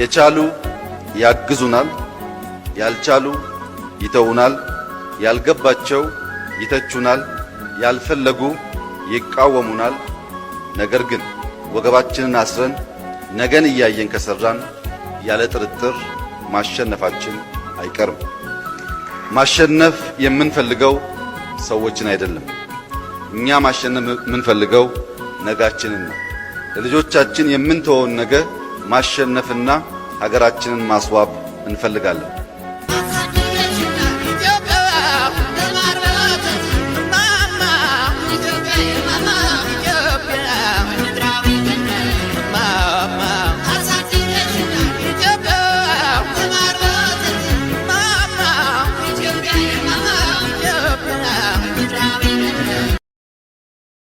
የቻሉ ያግዙናል፣ ያልቻሉ ይተውናል፣ ያልገባቸው ይተቹናል፣ ያልፈለጉ ይቃወሙናል። ነገር ግን ወገባችንን አስረን ነገን እያየን ከሰራን ያለ ጥርጥር ማሸነፋችን አይቀርም። ማሸነፍ የምንፈልገው ሰዎችን አይደለም። እኛ ማሸነፍ የምንፈልገው ነጋችንን ነው። ለልጆቻችን የምንተወውን ነገ ማሸነፍና ሀገራችንን ማስዋብ እንፈልጋለን።